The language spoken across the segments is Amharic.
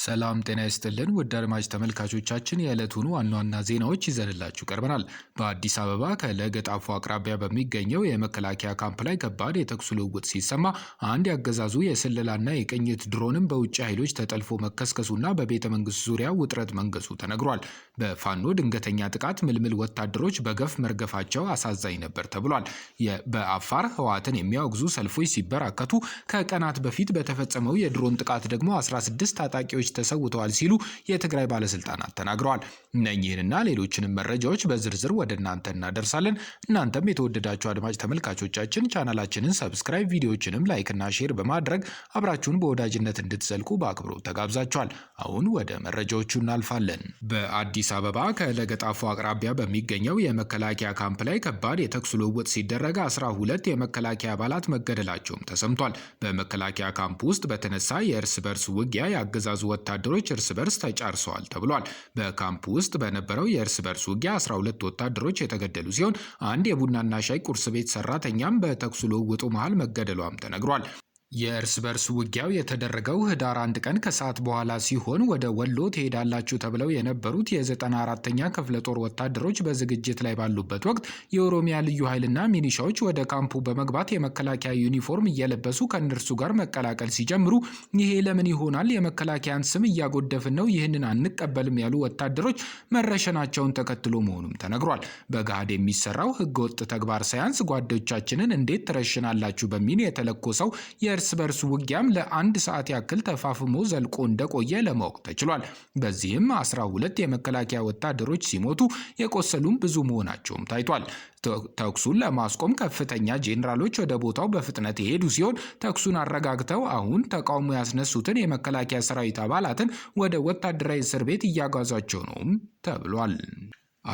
ሰላም ጤና ይስጥልን ውድ አድማጭ ተመልካቾቻችን የዕለቱን ዋና ዋና ዜናዎች ይዘንላችሁ ቀርበናል። በአዲስ አበባ ከለገጣፎ አቅራቢያ በሚገኘው የመከላከያ ካምፕ ላይ ከባድ የተኩስ ልውውጥ ሲሰማ አንድ ያገዛዙ የስለላና የቅኝት ድሮንም በውጭ ኃይሎች ተጠልፎ መከስከሱና በቤተ መንግስት ዙሪያ ውጥረት መንገሱ ተነግሯል። በፋኖ ድንገተኛ ጥቃት ምልምል ወታደሮች በገፍ መርገፋቸው አሳዛኝ ነበር ተብሏል። በአፋር ህወሓትን የሚያወግዙ ሰልፎች ሲበራከቱ ከቀናት በፊት በተፈጸመው የድሮን ጥቃት ደግሞ 16 ታጣቂዎች ኃላፊዎች ተሰውተዋል ሲሉ የትግራይ ባለስልጣናት ተናግረዋል። እነኚህንና ሌሎችንም መረጃዎች በዝርዝር ወደ እናንተ እናደርሳለን። እናንተም የተወደዳችሁ አድማጭ ተመልካቾቻችን ቻናላችንን ሰብስክራይብ፣ ቪዲዮዎችንም ላይክና ሼር በማድረግ አብራችሁን በወዳጅነት እንድትዘልቁ በአክብሮት ተጋብዛችኋል። አሁን ወደ መረጃዎቹ እናልፋለን። በአዲስ አበባ ከለገጣፎ አቅራቢያ በሚገኘው የመከላከያ ካምፕ ላይ ከባድ የተኩስ ልውውጥ ሲደረግ አስራ ሁለት የመከላከያ አባላት መገደላቸውም ተሰምቷል። በመከላከያ ካምፕ ውስጥ በተነሳ የእርስ በርስ ውጊያ የአገዛዙ ወታደሮች እርስ በርስ ተጫርሰዋል ተብሏል። በካምፕ ውስጥ በነበረው የእርስ በርስ ውጊያ 12 ወታደሮች የተገደሉ ሲሆን አንድ የቡናና ሻይ ቁርስ ቤት ሰራተኛም በተኩስ ልውውጡ መሃል መገደሏም ተነግሯል። የእርስ በርስ ውጊያው የተደረገው ህዳር አንድ ቀን ከሰዓት በኋላ ሲሆን ወደ ወሎ ትሄዳላችሁ ተብለው የነበሩት የ94ኛ ክፍለ ጦር ወታደሮች በዝግጅት ላይ ባሉበት ወቅት የኦሮሚያ ልዩ ኃይልና ሚኒሻዎች ወደ ካምፑ በመግባት የመከላከያ ዩኒፎርም እየለበሱ ከእነርሱ ጋር መቀላቀል ሲጀምሩ ይሄ ለምን ይሆናል? የመከላከያን ስም እያጎደፍን ነው፣ ይህንን አንቀበልም ያሉ ወታደሮች መረሸናቸውን ተከትሎ መሆኑም ተነግሯል። በገሃድ የሚሰራው ህገወጥ ተግባር ሳያንስ ጓዶቻችንን እንዴት ትረሽናላችሁ በሚል የተለኮሰው የእርስ በርስ ውጊያም ለአንድ ሰዓት ያክል ተፋፍሞ ዘልቆ እንደቆየ ለማወቅ ተችሏል። በዚህም 12 የመከላከያ ወታደሮች ሲሞቱ የቆሰሉም ብዙ መሆናቸውም ታይቷል። ተኩሱን ለማስቆም ከፍተኛ ጄኔራሎች ወደ ቦታው በፍጥነት የሄዱ ሲሆን ተኩሱን አረጋግተው አሁን ተቃውሞ ያስነሱትን የመከላከያ ሰራዊት አባላትን ወደ ወታደራዊ እስር ቤት እያጓዟቸው ነውም ተብሏል።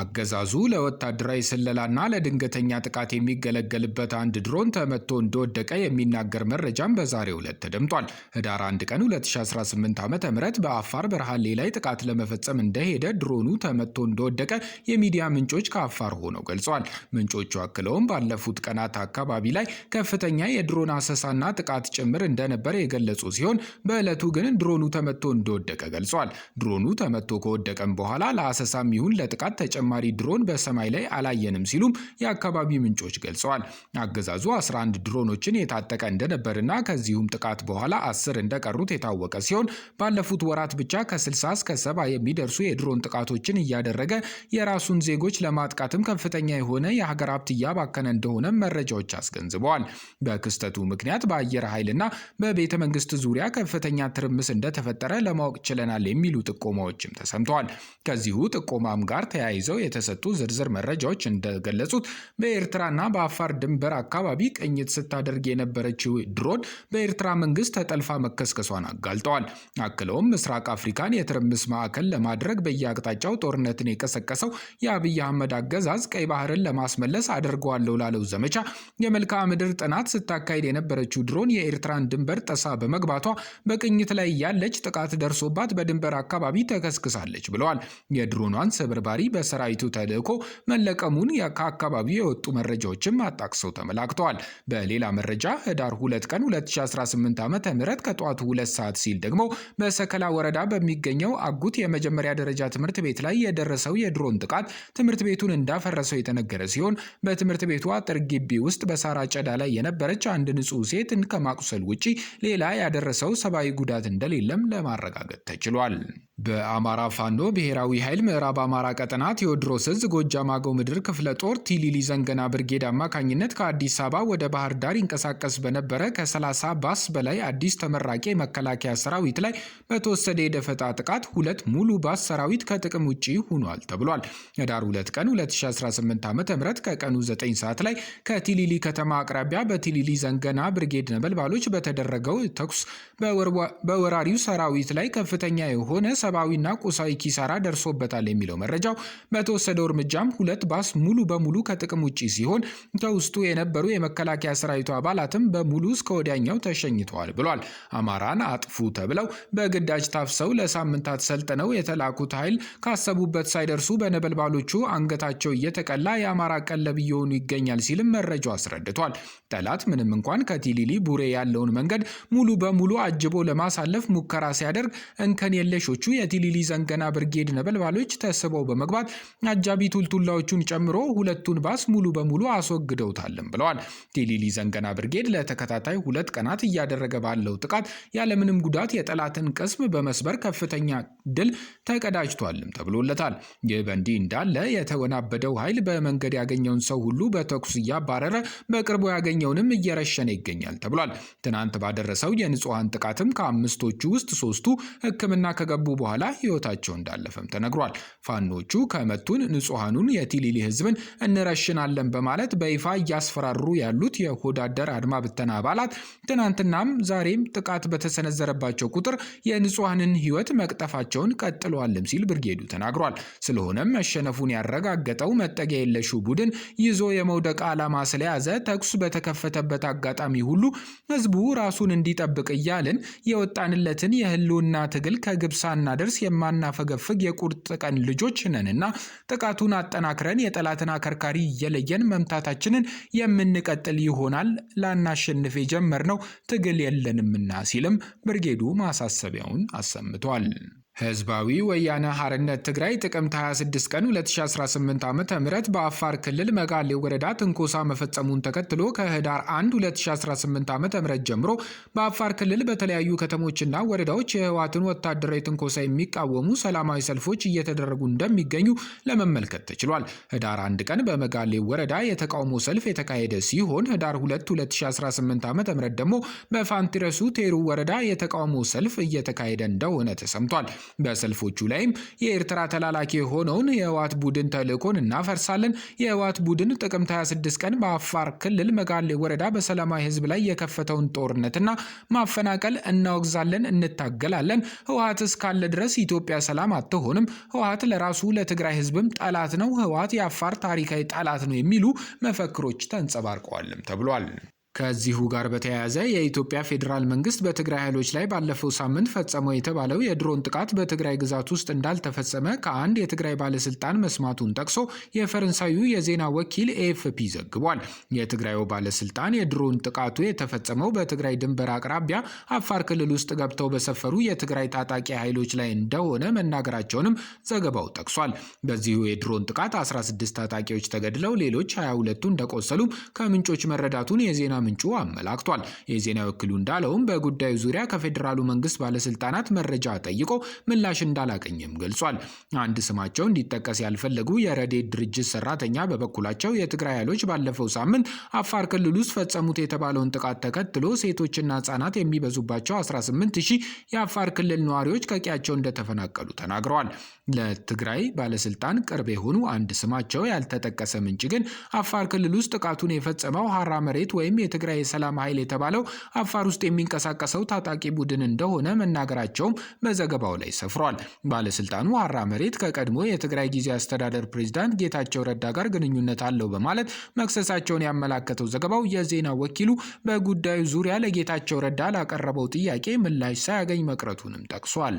አገዛዙ ለወታደራዊ ስለላና ለድንገተኛ ጥቃት የሚገለገልበት አንድ ድሮን ተመቶ እንደወደቀ የሚናገር መረጃም በዛሬው ዕለት ተደምጧል። ህዳር 1 ቀን 2018 ዓ ም በአፋር በርሃሌ ላይ ጥቃት ለመፈጸም እንደሄደ ድሮኑ ተመቶ እንደወደቀ የሚዲያ ምንጮች ከአፋር ሆነው ገልጸዋል። ምንጮቹ አክለውም ባለፉት ቀናት አካባቢ ላይ ከፍተኛ የድሮን አሰሳና ጥቃት ጭምር እንደነበረ የገለጹ ሲሆን በዕለቱ ግን ድሮኑ ተመቶ እንደወደቀ ገልጿል። ድሮኑ ተመቶ ከወደቀም በኋላ ለአሰሳም ይሁን ለጥቃት ተጨማሪ ድሮን በሰማይ ላይ አላየንም ሲሉም የአካባቢ ምንጮች ገልጸዋል። አገዛዙ 11 ድሮኖችን የታጠቀ እንደነበርና ከዚሁም ጥቃት በኋላ አስር እንደቀሩት የታወቀ ሲሆን ባለፉት ወራት ብቻ ከ60 እስከ ሰባ የሚደርሱ የድሮን ጥቃቶችን እያደረገ የራሱን ዜጎች ለማጥቃትም ከፍተኛ የሆነ የሀገር ሀብት እያባከነ እንደሆነ መረጃዎች አስገንዝበዋል። በክስተቱ ምክንያት በአየር ኃይልና በቤተ መንግስት ዙሪያ ከፍተኛ ትርምስ እንደተፈጠረ ለማወቅ ችለናል የሚሉ ጥቆማዎችም ተሰምተዋል። ከዚሁ ጥቆማም ጋር ተያይዘ ይዘው የተሰጡ ዝርዝር መረጃዎች እንደገለጹት በኤርትራና በአፋር ድንበር አካባቢ ቅኝት ስታደርግ የነበረችው ድሮን በኤርትራ መንግስት ተጠልፋ መከስከሷን አጋልጠዋል። አክለውም ምስራቅ አፍሪካን የትርምስ ማዕከል ለማድረግ በየአቅጣጫው ጦርነትን የቀሰቀሰው የአብይ አህመድ አገዛዝ ቀይ ባህርን ለማስመለስ አደርገዋለሁ ላለው ዘመቻ የመልክዓ ምድር ጥናት ስታካሄድ የነበረችው ድሮን የኤርትራን ድንበር ጠሳ በመግባቷ በቅኝት ላይ ያለች ጥቃት ደርሶባት በድንበር አካባቢ ተከስክሳለች ብለዋል። የድሮኗን ስብርባሪ በሰ የሰራዊቱ ተልዕኮ መለቀሙን ከአካባቢው የወጡ መረጃዎችም አጣቅሰው ተመላክተዋል። በሌላ መረጃ ህዳር 2 ቀን 2018 ዓ ም ከጠዋቱ 2 ሰዓት ሲል ደግሞ በሰከላ ወረዳ በሚገኘው አጉት የመጀመሪያ ደረጃ ትምህርት ቤት ላይ የደረሰው የድሮን ጥቃት ትምህርት ቤቱን እንዳፈረሰው የተነገረ ሲሆን በትምህርት ቤቱ አጥር ግቢ ውስጥ በሳር አጨዳ ላይ የነበረች አንድ ንጹህ ሴት ከማቁሰል ውጪ ሌላ ያደረሰው ሰብአዊ ጉዳት እንደሌለም ለማረጋገጥ ተችሏል። በአማራ ፋኖ ብሔራዊ ኃይል ምዕራብ አማራ ቀጠናት ቴዎድሮስ እዝ ጎጃም አገው ምድር ክፍለ ጦር ቲሊሊ ዘንገና ብርጌድ አማካኝነት ከአዲስ አበባ ወደ ባህር ዳር ይንቀሳቀስ በነበረ ከ30 ባስ በላይ አዲስ ተመራቂ የመከላከያ ሰራዊት ላይ በተወሰደ የደፈጣ ጥቃት ሁለት ሙሉ ባስ ሰራዊት ከጥቅም ውጪ ሆኗል ተብሏል። ህዳር 2 ቀን 2018 ዓ ም ከቀኑ 9 ሰዓት ላይ ከቲሊሊ ከተማ አቅራቢያ በቲሊሊ ዘንገና ብርጌድ ነበልባሎች በተደረገው ተኩስ በወራሪው ሰራዊት ላይ ከፍተኛ የሆነ ሰብአዊና ቁሳዊ ኪሳራ ደርሶበታል የሚለው መረጃው በተወሰደው እርምጃም ሁለት ባስ ሙሉ በሙሉ ከጥቅም ውጪ ሲሆን ከውስጡ የነበሩ የመከላከያ ሰራዊቱ አባላትም በሙሉ እስከ ወዲያኛው ተሸኝተዋል ብሏል። አማራን አጥፉ ተብለው በግዳጅ ታፍሰው ለሳምንታት ሰልጥነው የተላኩት ኃይል ካሰቡበት ሳይደርሱ በነበልባሎቹ አንገታቸው እየተቀላ የአማራ ቀለብ እየሆኑ ይገኛል ሲልም መረጃው አስረድቷል። ጠላት ምንም እንኳን ከቲሊሊ ቡሬ ያለውን መንገድ ሙሉ በሙሉ አጅቦ ለማሳለፍ ሙከራ ሲያደርግ እንከን የለሾቹ የቲሊሊ ዘንገና ብርጌድ ነበልባሎች ተስበው በመግባት አጃቢ ቱልቱላዎቹን ጨምሮ ሁለቱን ባስ ሙሉ በሙሉ አስወግደውታልም ብለዋል። ቴሊሊ ዘንገና ብርጌድ ለተከታታይ ሁለት ቀናት እያደረገ ባለው ጥቃት ያለምንም ጉዳት የጠላትን ቅስም በመስበር ከፍተኛ ድል ተቀዳጅቷልም ተብሎለታል። ይህ በእንዲህ እንዳለ የተወናበደው ኃይል በመንገድ ያገኘውን ሰው ሁሉ በተኩስ እያባረረ በቅርቡ ያገኘውንም እየረሸነ ይገኛል ተብሏል። ትናንት ባደረሰው የንጹሐን ጥቃትም ከአምስቶቹ ውስጥ ሶስቱ ሕክምና ከገቡ በኋላ ህይወታቸው እንዳለፈም ተነግሯል። ፋኖቹ ከመ ሁለቱን ንጹሐኑን የቲሊሊ ህዝብን እንረሽናለን በማለት በይፋ እያስፈራሩ ያሉት የሆዳደር አድማ ብተና አባላት ትናንትናም ዛሬም ጥቃት በተሰነዘረባቸው ቁጥር የንጹሐንን ህይወት መቅጠፋቸውን ቀጥለዋልም ሲል ብርጌዱ ተናግሯል። ስለሆነም መሸነፉን ያረጋገጠው መጠጊያ የለሹ ቡድን ይዞ የመውደቅ ዓላማ ስለያዘ ተኩስ በተከፈተበት አጋጣሚ ሁሉ ህዝቡ ራሱን እንዲጠብቅ እያልን የወጣንለትን የህልውና ትግል ከግብ ሳናደርስ የማናፈገፍግ የቁርጥ ቀን ልጆች ነንና ጥቃቱን አጠናክረን የጠላትን አከርካሪ እየለየን መምታታችንን የምንቀጥል ይሆናል። ላናሸንፍ የጀመርነው ትግል የለንምና ሲልም ብርጌዱ ማሳሰቢያውን አሰምቷል። ህዝባዊ ወያነ ሐርነት ትግራይ ጥቅምት 26 ቀን 2018 ዓ ም በአፋር ክልል መጋሌ ወረዳ ትንኮሳ መፈጸሙን ተከትሎ ከህዳር 1 2018 ዓ ም ጀምሮ በአፋር ክልል በተለያዩ ከተሞችና ወረዳዎች የህወሓትን ወታደራዊ ትንኮሳ የሚቃወሙ ሰላማዊ ሰልፎች እየተደረጉ እንደሚገኙ ለመመልከት ተችሏል። ህዳር 1 ቀን በመጋሌ ወረዳ የተቃውሞ ሰልፍ የተካሄደ ሲሆን ህዳር 2 2018 ዓ ም ደግሞ በፋንቲረሱ ቴሩ ወረዳ የተቃውሞ ሰልፍ እየተካሄደ እንደሆነ ተሰምቷል። በሰልፎቹ ላይም የኤርትራ ተላላኪ የሆነውን የህወሓት ቡድን ተልእኮን እናፈርሳለን፣ የህወሓት ቡድን ጥቅምት 26 ቀን በአፋር ክልል መጋሌ ወረዳ በሰላማዊ ህዝብ ላይ የከፈተውን ጦርነትና ማፈናቀል እናወግዛለን፣ እንታገላለን። ህወሓት እስካለ ድረስ ኢትዮጵያ ሰላም አትሆንም። ህወሓት ለራሱ ለትግራይ ህዝብም ጠላት ነው። ህወሓት የአፋር ታሪካዊ ጠላት ነው የሚሉ መፈክሮች ተንጸባርቀዋልም ተብሏል። ከዚሁ ጋር በተያያዘ የኢትዮጵያ ፌዴራል መንግስት በትግራይ ኃይሎች ላይ ባለፈው ሳምንት ፈጸመው የተባለው የድሮን ጥቃት በትግራይ ግዛት ውስጥ እንዳልተፈጸመ ከአንድ የትግራይ ባለስልጣን መስማቱን ጠቅሶ የፈረንሳዩ የዜና ወኪል ኤፍፒ ዘግቧል። የትግራዩ ባለስልጣን የድሮን ጥቃቱ የተፈጸመው በትግራይ ድንበር አቅራቢያ አፋር ክልል ውስጥ ገብተው በሰፈሩ የትግራይ ታጣቂ ኃይሎች ላይ እንደሆነ መናገራቸውንም ዘገባው ጠቅሷል። በዚሁ የድሮን ጥቃት 16 ታጣቂዎች ተገድለው ሌሎች 22ቱ እንደቆሰሉም ከምንጮች መረዳቱን የዜና ምንጩ አመላክቷል። የዜና ወኪሉ እንዳለውም በጉዳዩ ዙሪያ ከፌዴራሉ መንግስት ባለስልጣናት መረጃ ጠይቆ ምላሽ እንዳላገኘም ገልጿል። አንድ ስማቸው እንዲጠቀስ ያልፈለጉ የረዴድ ድርጅት ሰራተኛ በበኩላቸው የትግራይ ኃይሎች ባለፈው ሳምንት አፋር ክልል ውስጥ ፈጸሙት የተባለውን ጥቃት ተከትሎ ሴቶችና ህጻናት የሚበዙባቸው 18 ሺህ የአፋር ክልል ነዋሪዎች ከቀያቸው እንደተፈናቀሉ ተናግረዋል። ለትግራይ ባለስልጣን ቅርብ የሆኑ አንድ ስማቸው ያልተጠቀሰ ምንጭ ግን አፋር ክልል ውስጥ ጥቃቱን የፈጸመው ሀራ መሬት ወይም የትግራይ የሰላም ኃይል የተባለው አፋር ውስጥ የሚንቀሳቀሰው ታጣቂ ቡድን እንደሆነ መናገራቸውም በዘገባው ላይ ሰፍሯል። ባለስልጣኑ ሀራ መሬት ከቀድሞ የትግራይ ጊዜ አስተዳደር ፕሬዝዳንት ጌታቸው ረዳ ጋር ግንኙነት አለው በማለት መክሰሳቸውን ያመላከተው ዘገባው የዜና ወኪሉ በጉዳዩ ዙሪያ ለጌታቸው ረዳ ላቀረበው ጥያቄ ምላሽ ሳያገኝ መቅረቱንም ጠቅሷል።